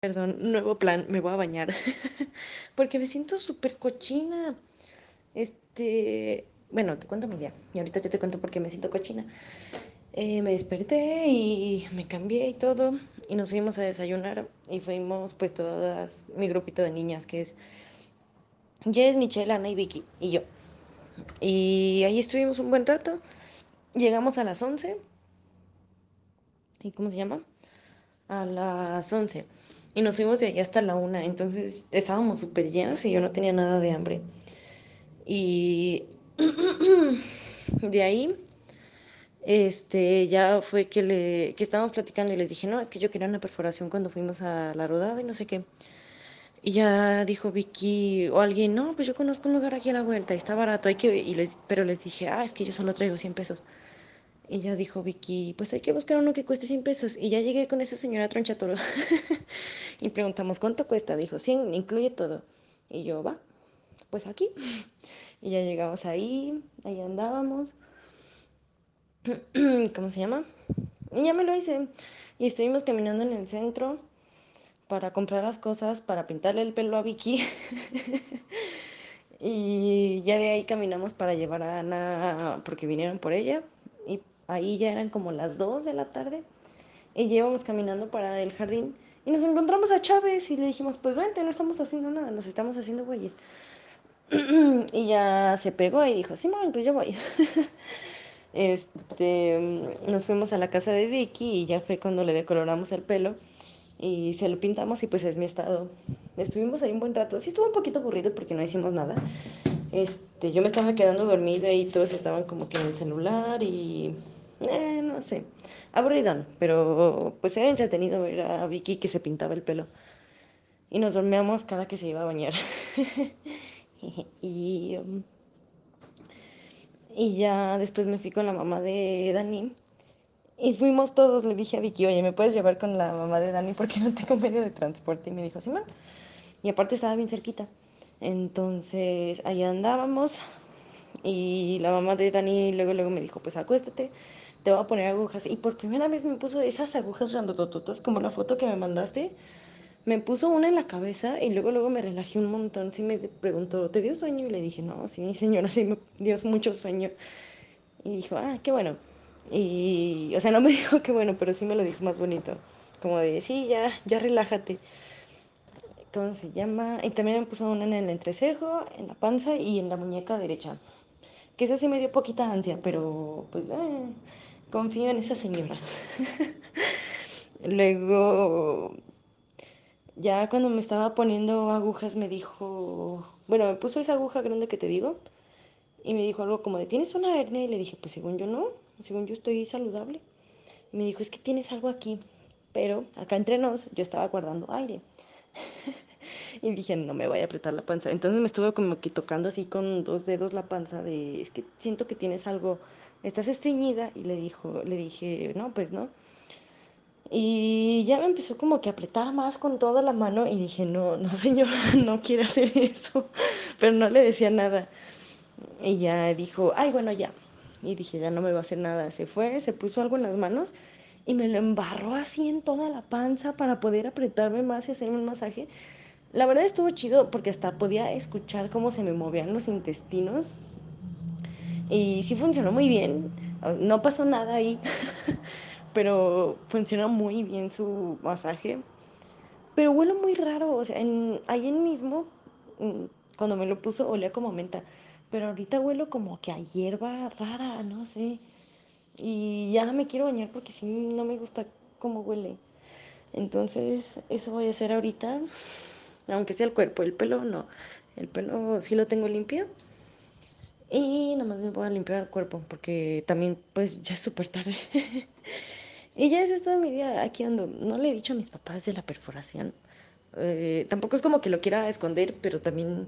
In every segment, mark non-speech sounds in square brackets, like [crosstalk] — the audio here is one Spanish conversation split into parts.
Perdón, nuevo plan, me voy a bañar. [laughs] Porque me siento súper cochina. Este, bueno, te cuento mi día. Y ahorita ya te cuento por qué me siento cochina. Eh, me desperté y me cambié y todo. Y nos fuimos a desayunar. Y fuimos, pues, todas, mi grupito de niñas, que es Jess, Michelle, Ana y Vicky. Y yo. Y ahí estuvimos un buen rato. Llegamos a las 11. ¿Y cómo se llama? A las 11 y nos fuimos de allá hasta la una, entonces estábamos súper llenas y yo no tenía nada de hambre. Y [clears throat] de ahí, este, ya fue que, le, que estábamos platicando y les dije, no, es que yo quería una perforación cuando fuimos a la rodada y no sé qué. Y ya dijo Vicky o alguien, no, pues yo conozco un lugar aquí a la vuelta, está barato, hay que... pero les dije, ah, es que yo solo traigo 100 pesos. Y ya dijo Vicky, pues hay que buscar uno que cueste 100 pesos. Y ya llegué con esa señora tronchatoro. [laughs] y preguntamos, ¿cuánto cuesta? Dijo, 100, incluye todo. Y yo, va, pues aquí. [laughs] y ya llegamos ahí, ahí andábamos. [clears throat] ¿Cómo se llama? Y ya me lo hice. Y estuvimos caminando en el centro para comprar las cosas, para pintarle el pelo a Vicky. [laughs] y ya de ahí caminamos para llevar a Ana, porque vinieron por ella, ahí ya eran como las 2 de la tarde, y llevamos caminando para el jardín y nos encontramos a Chávez y le dijimos, pues vente, no estamos haciendo nada, nos estamos haciendo güeyes. [clears throat] y ya se pegó y dijo, sí, mami, pues yo voy. [laughs] este, nos fuimos a la casa de Vicky y ya fue cuando le decoloramos el pelo y se lo pintamos y pues es mi estado. Estuvimos ahí un buen rato, sí estuvo un poquito aburrido porque no hicimos nada. Este, yo me estaba quedando dormida y todos estaban como que en el celular y eh, no sé, aburrido, pero pues era entretenido ver a Vicky que se pintaba el pelo. Y nos dormíamos cada que se iba a bañar. [laughs] Um, y, ya después me fui con la mamá de Dani. Y fuimos todos, le dije a Vicky, oye, ¿me puedes llevar con la mamá de Dani porque no tengo medio de transporte? Y me dijo, Simón. Y aparte estaba bien cerquita. Entonces, ahí andábamos. Y la mamá de Dani luego, luego me dijo, pues acuéstate te voy a poner agujas. Y por primera vez me puso esas agujas randotototas, como la foto que me mandaste. Me puso una en la cabeza y luego, luego me relajé un montón. Sí me preguntó, ¿te dio sueño? Y le dije, no, sí, señora, sí me dio mucho sueño. Y dijo, ah, qué bueno. Y, o sea, no me [laughs] dijo qué bueno, pero sí me lo dijo más bonito. Como de, sí, ya, ya relájate. ¿Cómo se llama? Y también me puso una en el entrecejo, en la panza y en la muñeca derecha. Que esa sí me dio poquita ansia, pero pues... Eh confío en esa señora. [laughs] Luego, ya cuando me estaba poniendo agujas, me dijo, bueno, me puso esa aguja grande que te digo, y me dijo algo como de, ¿tienes una hernia? Y le dije, pues según yo no, según yo estoy saludable. Y me dijo, es que tienes algo aquí, pero acá entre nos yo estaba guardando aire. [laughs] y dije, no me voy a apretar la panza. Entonces me estuve como que tocando así con dos dedos la panza de, es que siento que tienes algo ¿estás estreñida? Y le dijo, le dije, no, pues no. Y ya me empezó como que a apretar más con toda la mano y dije, no, no [laughs] señor, no quiere hacer eso, pero no le decía nada. Y ya dijo, ay, bueno, ya. Y dije, ya no me va a hacer nada. Se fue, se puso algo en las manos y me lo embarró así en toda la panza para poder apretarme más y hacerme un masaje. La verdad estuvo chido porque hasta podía escuchar cómo se me movían los intestinos y sí funcionó muy bien, no pasó nada ahí, [laughs] pero funcionó muy bien su masaje. Pero huele muy raro, o sea, en, ayer mismo, mm, cuando me lo puso, olía como menta, pero ahorita huelo como que a hierba rara, no sé. Y ya me quiero bañar porque sí, no me gusta cómo huele. Entonces, eso voy a hacer ahorita, aunque sea el cuerpo, el pelo no. El pelo sí lo tengo limpio, y nada más me voy a limpiar el cuerpo porque también pues ya es súper tarde. [laughs] y ya es todo mi día aquí ando. No le he dicho a mis papás de la perforación. Eh, tampoco es como que lo quiera esconder, pero también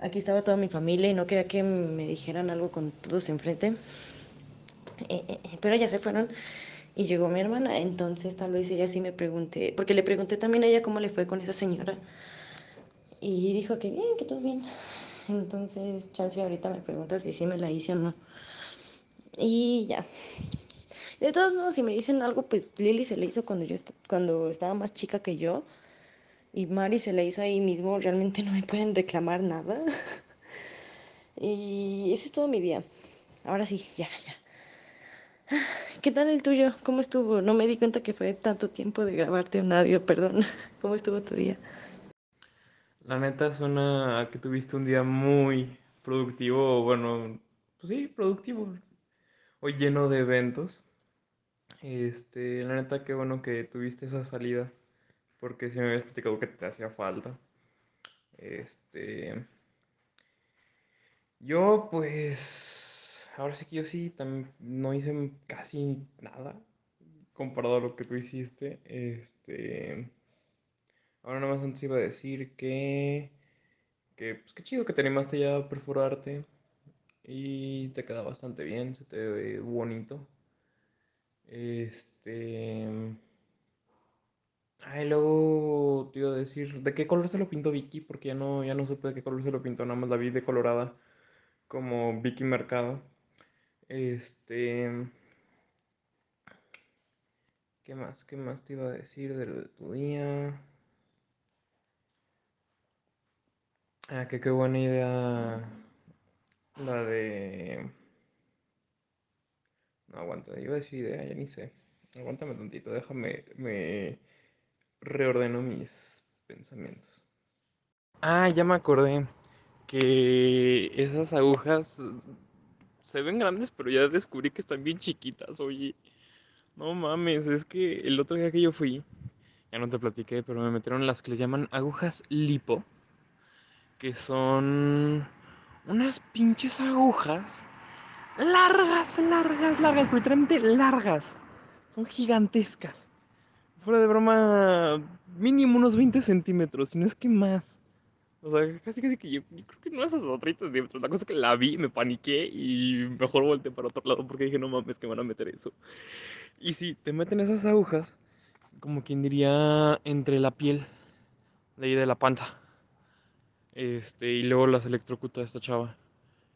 aquí estaba toda mi familia y no quería que me dijeran algo con todos enfrente. Eh, eh, pero ya se fueron y llegó mi hermana, entonces tal vez ella sí me pregunté, porque le pregunté también a ella cómo le fue con esa señora. Y dijo que bien, que todo bien. [laughs] Entonces, chance ahorita me pregunta si sí me la hice o no. Y ya. De todos modos, si me dicen algo, pues Lili se la hizo cuando yo cuando estaba más chica que yo. Y Mari se la hizo ahí mismo. Realmente no me pueden reclamar nada. [laughs] y ese es todo mi día. Ahora sí, ya, ya. ¿Qué tal el tuyo? ¿Cómo estuvo? No me di cuenta que fue tanto tiempo de grabarte un audio, perdón. [laughs] ¿Cómo estuvo tu día? La neta suena a que tuviste un día muy productivo, bueno, pues sí, productivo, hoy lleno de eventos. Este, la neta, qué bueno que tuviste esa salida, porque se me habías platicado que te hacía falta. Este, yo pues, ahora sí que yo sí, también no hice casi nada comparado a lo que tú hiciste. Este Ahora nada más antes iba a decir que. Que pues qué chido que te animaste ya a perforarte. Y te queda bastante bien, se te ve bonito. Este. Ay, luego te iba a decir, ¿de qué color se lo pintó Vicky? Porque ya no, ya no supe de qué color se lo pintó, nada más la vi de colorada como Vicky Mercado. Este. ¿Qué más? ¿Qué más te iba a decir de lo de tu día? Ah, qué buena idea la de... No aguanta, iba a decir idea, ya ni sé. Aguántame tantito, déjame, me reordeno mis pensamientos. Ah, ya me acordé que esas agujas se ven grandes, pero ya descubrí que están bien chiquitas, oye. No mames, es que el otro día que yo fui, ya no te platiqué, pero me metieron las que le llaman agujas lipo que son unas pinches agujas largas, largas, largas, literalmente largas. Son gigantescas. Fuera de broma, mínimo unos 20 centímetros, si no es que más. O sea, casi casi que yo, creo que no esas hasta 30 centímetros. La cosa es que la vi, me paniqué y mejor volteé para otro lado porque dije, no mames, que van a meter eso. Y si te meten esas agujas, como quien diría, entre la piel, de ahí de la panta este, y luego las electrocuta esta chava.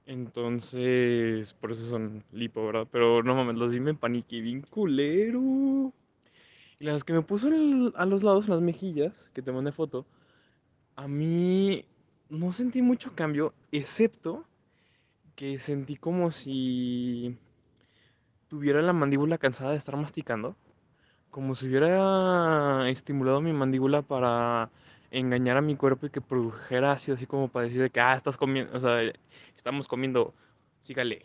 Entonces, por eso son lipo, ¿verdad? Pero no mames, las vi me paniqué bien culero. Y las que me puso a los lados, las mejillas, que te mandé foto, a mí no sentí mucho cambio, excepto que sentí como si tuviera la mandíbula cansada de estar masticando. Como si hubiera estimulado mi mandíbula para Engañar a mi cuerpo y que produjera así, así como para decir de que, ah, estás comiendo, o sea, estamos comiendo, sígale.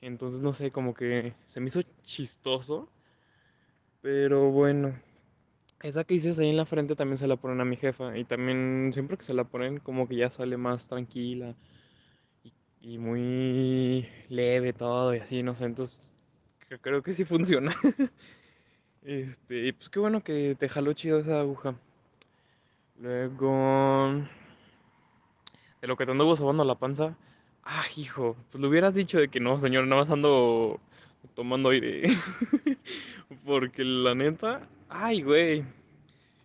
Entonces, no sé, como que se me hizo chistoso. Pero bueno, esa que dices ahí en la frente también se la ponen a mi jefa. Y también siempre que se la ponen, como que ya sale más tranquila y, muy leve todo y así, no sé. Entonces, creo que sí funciona. [laughs] este, y pues qué bueno que te jaló chido esa aguja. Luego. De lo que te anduvo sobando la panza. Ah, hijo, pues lo hubieras dicho de que no, señor, nada más ando tomando aire. [laughs] Porque la neta, ay, güey.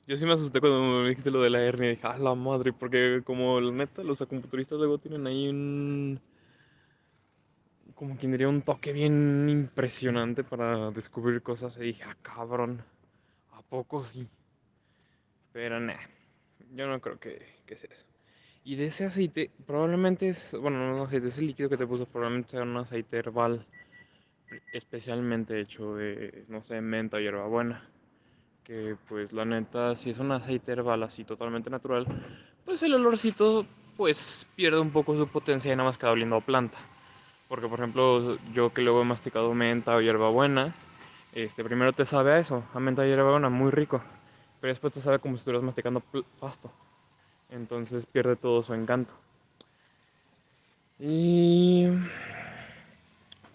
Yo sí me asusté cuando me dijiste lo de la hernia. Dije, ah, la madre, porque como la neta, los acupunturistas luego tienen ahí un. Como quien diría, un toque bien impresionante para descubrir cosas. Y dije, ah, cabrón, ¿a poco sí? Pero nah yo no creo que, sea eso. Y de ese aceite, probablemente es, bueno, no, sé, aceite, ese líquido que te puso probablemente sea un aceite herbal especialmente hecho de, no sé, menta o hierbabuena. Que pues la neta, si es un aceite herbal así totalmente natural, pues el olorcito pues pierde un poco su potencia y nada más queda oliendo planta. Porque por ejemplo, yo que luego he masticado menta o hierbabuena, este, primero te sabe a eso, a menta y hierbabuena, muy rico pero después te sabe como si estuvieras masticando pasto. Entonces pierde todo su encanto. Y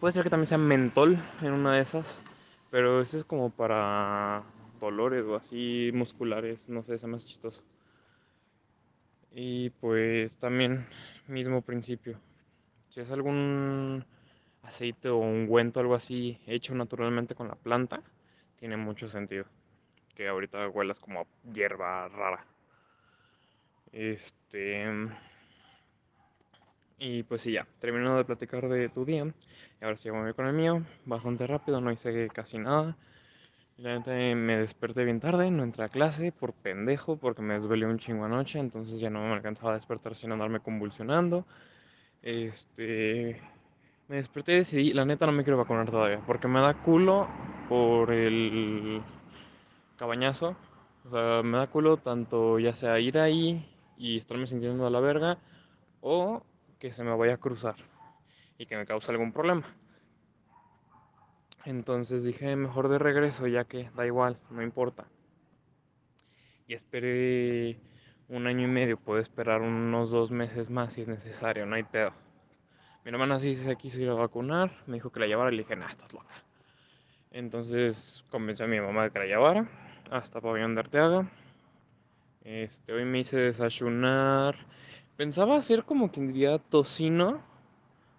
puede ser que también sea mentol en una de esas, pero ese es como para dolores o así musculares, no sé, es más chistoso. Y pues también mismo principio. Si es algún aceite o ungüento, algo así, hecho naturalmente con la planta, tiene mucho sentido que ahorita huelas como hierba rara. Este. Y pues sí, ya, terminando de platicar de tu día. Y ahora sí voy con el mío. Bastante rápido, no hice casi nada. La neta, eh, me desperté bien tarde, no entré a clase por pendejo, porque me desvelé un chingo anoche, entonces ya no me alcanzaba a despertar sin andarme convulsionando. Este. Me desperté y decidí, la neta no me quiero vacunar todavía, porque me da culo por el cabañazo. O sea, me da culo tanto ya sea ir ahí y estarme sintiendo a la verga o que se me vaya a cruzar y que me cause algún problema. Entonces dije, mejor de regreso, ya que da igual, no importa. Y esperé un año y medio, puedo esperar unos dos meses más si es necesario, no hay pedo. Mi hermana sí se quiso ir a vacunar, me dijo que la llevara y le dije, nah, estás loca. Entonces convenció a mi mamá de que la llevara hasta Pabellón de Arteaga. Este, hoy me hice desayunar. Pensaba hacer como quien diría tocino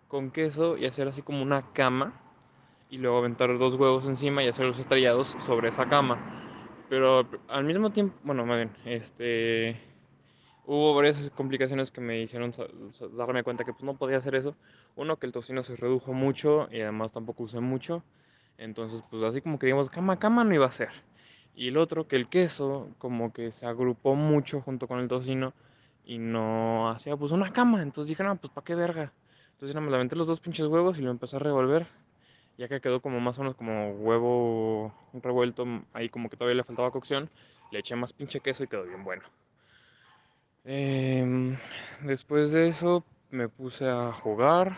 con queso y hacer así como una cama. Y luego aventar dos huevos encima y hacer los estrellados sobre esa cama. Pero al mismo tiempo, bueno, más este, hubo varias complicaciones que me hicieron darme cuenta que pues, no podía hacer eso. Uno, que el tocino se redujo mucho y además tampoco usé mucho. Entonces, pues así como que digamos, cama, cama no iba a ser y el otro que el queso como que se agrupó mucho junto con el tocino y no hacía pues una cama. Entonces dije, no, pues para qué verga. Entonces me levanté los dos pinches huevos y lo empecé a revolver. Ya que quedó como más o menos como huevo revuelto, ahí como que todavía le faltaba cocción, le eché más pinche queso y quedó bien bueno. Em, después de eso me puse a jugar.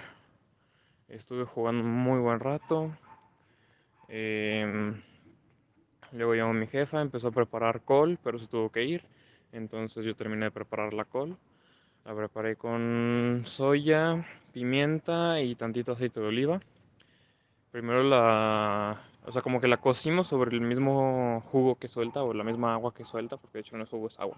Estuve jugando muy buen rato. Eh, Luego llamó mi jefa, empezó a preparar col, pero se tuvo que ir. Entonces yo terminé de preparar la col. La preparé con soya, pimienta y tantito aceite de oliva. Primero la, o sea, como que la cocimos sobre el mismo jugo que suelta o la misma agua que suelta, porque de hecho no es jugo, es agua.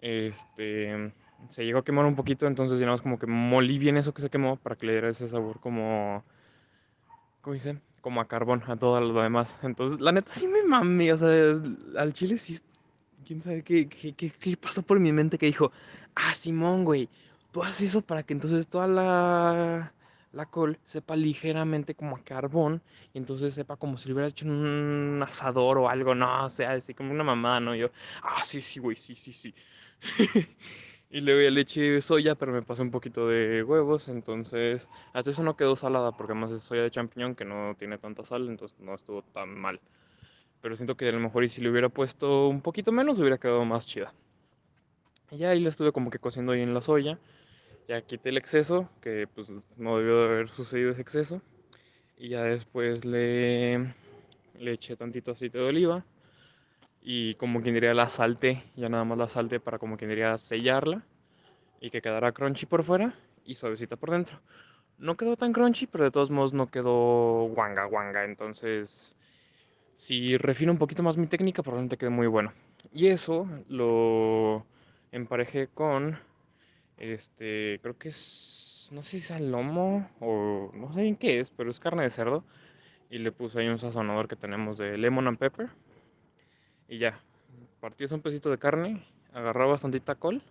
Este, se llegó a quemar un poquito, entonces llenamos como que molí bien eso que se quemó para que le diera ese sabor como, ¿cómo dicen? como a carbón a todas los demás. Entonces, la neta sí me mami, o sea, al chile sí, quién sabe qué, pasó por mi mente que dijo, ah, Simón, güey, tú haces eso para que entonces toda la, la col sepa ligeramente como a carbón y entonces sepa como si le hubiera hecho un asador o algo, no, o sea, así como una mamada, ¿no? Yo, ah, sí, sí, güey, sí, sí, sí. [laughs] Y le a leche de soya, pero me pasé un poquito de huevos, entonces hasta eso no quedó salada, porque además es soya de champiñón que no tiene tanta sal, entonces no estuvo tan mal. Pero siento que a lo mejor y si le hubiera puesto un poquito menos hubiera quedado más chida. Y ya ahí la estuve como que cociendo ahí en la soya, ya quité el exceso, que pues no debió de haber sucedido ese exceso. Y ya después le, le eché tantito aceite de oliva y como quien diría la salte, ya nada más la salte para como quien diría sellarla y que quedara crunchy por fuera y suavecita por dentro. No quedó tan crunchy, pero de todos modos no quedó guanga guanga, entonces si refino un poquito más mi técnica probablemente quede muy bueno. Y eso lo emparejé con este, creo que es no sé si es lomo o no sé bien qué es, pero es carne de cerdo y le puse ahí un sazonador que tenemos de lemon and pepper y ya. Partías un pesito de carne, agarré tantita col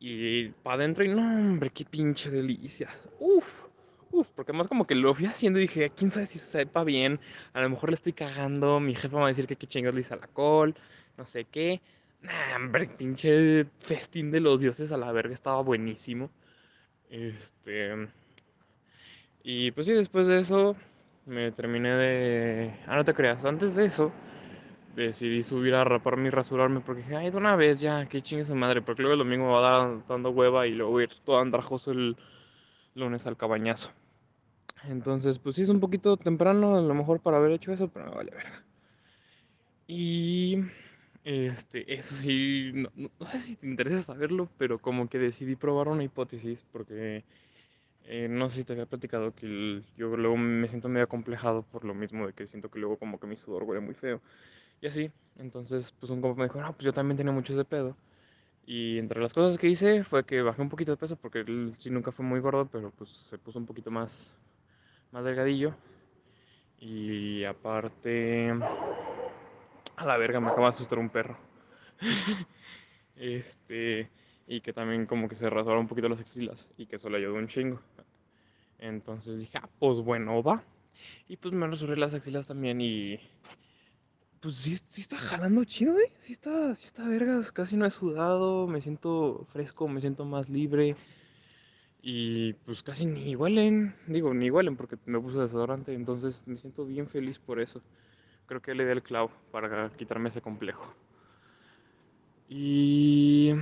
y para adentro y no, hombre, qué pinche delicia. Uf, uf, porque más como que lo fui haciendo y dije, quién sabe si sepa bien, a lo mejor le estoy cagando, mi jefa me va a decir que qué chingados le hice a la col, no sé qué. Nah, hombre, pinche festín de los dioses a la verga, estaba buenísimo. Este. Y pues sí, después de eso me terminé de. Ah, no te creas, antes de eso decidí subir a raparme y rasurarme porque dije, ay, de una vez ya, que chingue su madre, porque luego el domingo va a dar dando hueva y luego ir todo andrajoso el lunes al cabañazo. Entonces, pues sí es un poquito temprano a lo mejor para haber hecho eso, pero me vale verga. Y este, eso sí, no, sé si te interesa saberlo, pero como que decidí probar una hipótesis porque eh, no sé si te había platicado que yo luego me siento medio acomplejado por lo mismo de que siento que luego como que mi sudor huele muy feo y así. Entonces, pues un compa me dijo, no, pues yo también tenía mucho de pedo. Y entre las cosas que hice fue que bajé un poquito de peso, porque él sí nunca fue muy gordo, pero pues se puso un poquito más, más delgadillo. Y aparte, a la verga, me acaba de asustar un perro. [laughs] este, y que también como que se rasuró un poquito las axilas y que eso le ayudó un chingo. Entonces dije, ah, pues bueno, va. Y pues me rasuré las axilas también y pues sí, está jalando chido, güey. Sí está, está vergas. Casi no he sudado, me siento fresco, me siento más libre. Y pues casi ni igualen Digo, ni igualen porque me puse desodorante. Entonces me siento bien feliz por eso. Creo que le di el clavo para quitarme ese complejo. Y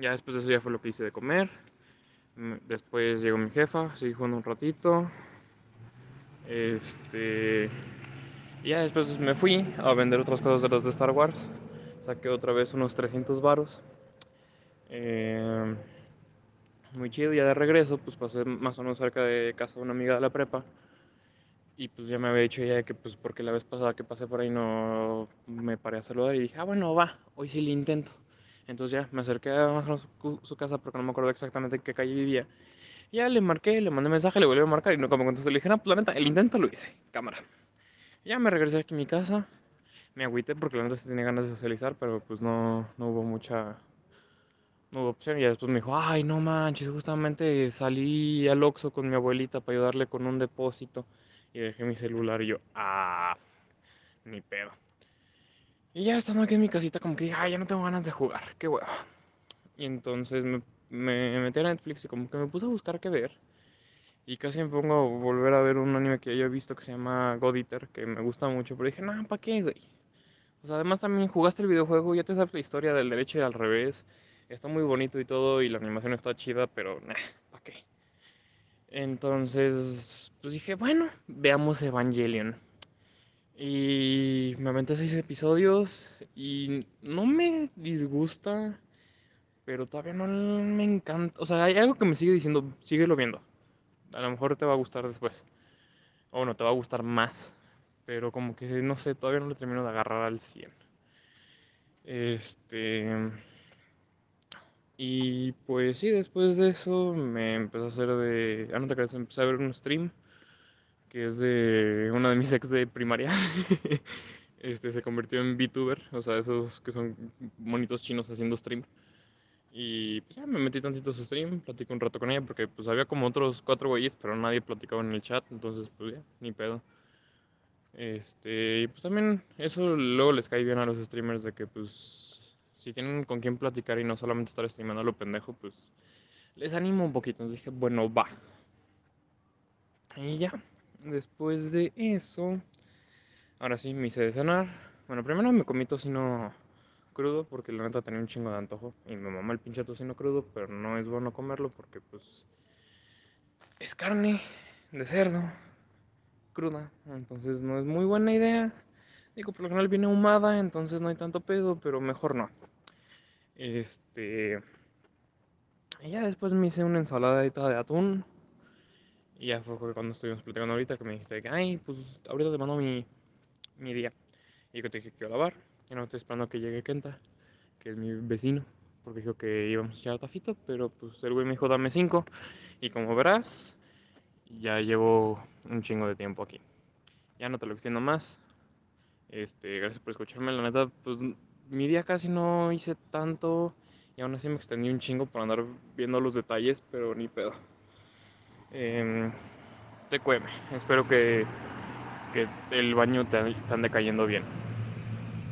ya después de eso ya fue lo que hice de comer. Mm, después llegó mi jefa, se dijo en un ratito. Este ya después me fui a vender otras cosas de las de Star Wars. Saqué otra vez unos 300 varos. Eh, muy chido, ya de regreso, pues pasé más o menos cerca de casa de una amiga de la prepa. Y pues ya me había dicho ya que pues porque la vez pasada que pasé por ahí no me paré a saludar y dije, ah bueno, va, hoy sí le intento. Entonces ya me acerqué a más o menos su, su casa porque no me acuerdo exactamente en qué calle vivía. Y ya le marqué, le mandé mensaje, le volví a marcar y no como contestó. Le dije, no, pues la neta, el intento lo hice, cámara. Ya me regresé aquí a mi casa. Me agüité porque la neta se tiene ganas de socializar, pero pues no, no hubo mucha no opción. Y después me dijo, ay, no manches, justamente salí al Oxxo con mi abuelita para ayudarle con un depósito. Y dejé mi celular y yo, ah, ni pedo. Y ya estando aquí en mi casita, como que dije, ay, ya no tengo ganas de jugar, qué hueva. Y entonces me, me metí a Netflix y como que me puse a buscar qué ver. Y casi me pongo a volver a ver un anime que yo he visto que se llama God Eater, que me gusta mucho, pero dije, no, ¿para qué, güey? O sea, además también jugaste el videojuego, ya te sabes la historia del derecho y al revés. Está muy bonito y todo, y la animación está chida, pero nah, ¿para qué? Entonces, pues dije, bueno, veamos Evangelion. Y me aventé seis episodios y no me disgusta, pero todavía no me encanta. O sea, hay algo que me sigue diciendo, síguelo viendo a lo mejor te va a gustar después. O no, te va a gustar más. Pero como que no sé, todavía no lo termino de agarrar al 100. Este. Y pues sí, después de eso me empezó a hacer de. Ah, no te creas, empecé a ver un stream que es de una de mis ex de primaria. [laughs] este se convirtió en VTuber, o sea, esos que son bonitos chinos haciendo stream. Y pues ya me metí tantito a su stream, platicé un rato con ella porque pues había como otros cuatro güeyes, pero nadie platicaba en el chat, entonces pues ya, ni pedo. Este, y pues también eso luego les cae bien a los streamers de que pues si tienen con quién platicar y no solamente estar streamando a lo pendejo, pues les animo un poquito. Entonces dije, bueno, va. Y ya, después de eso, ahora sí me hice de cenar. Bueno, primero me comí no crudo porque la neta tenía un chingo de antojo y me mamá el pinche tocino crudo, pero no es bueno comerlo porque pues es carne de cerdo cruda, entonces no es muy buena idea. Digo, por lo general viene ahumada, entonces no hay tanto pedo, pero mejor no. Este y ya después me hice una ensaladita de atún. Y ya fue cuando estuvimos platicando ahorita que me dijiste que, ay, pues ahorita te mando mi, mi día. Y yo te dije que iba a lavar. Yo no estoy esperando que llegue Kenta, que es mi vecino, porque dijo que íbamos a echar Tafito, pero pues el güey me dijo dame 5. Y como verás, ya llevo un chingo de tiempo aquí. Ya no te lo extiendo más. Este, gracias por escucharme, la neta, pues mi día casi no hice tanto y aún así me extendí un chingo por andar viendo los detalles, pero ni pedo. te cueme, espero que, que el baño te, te ande cayendo bien.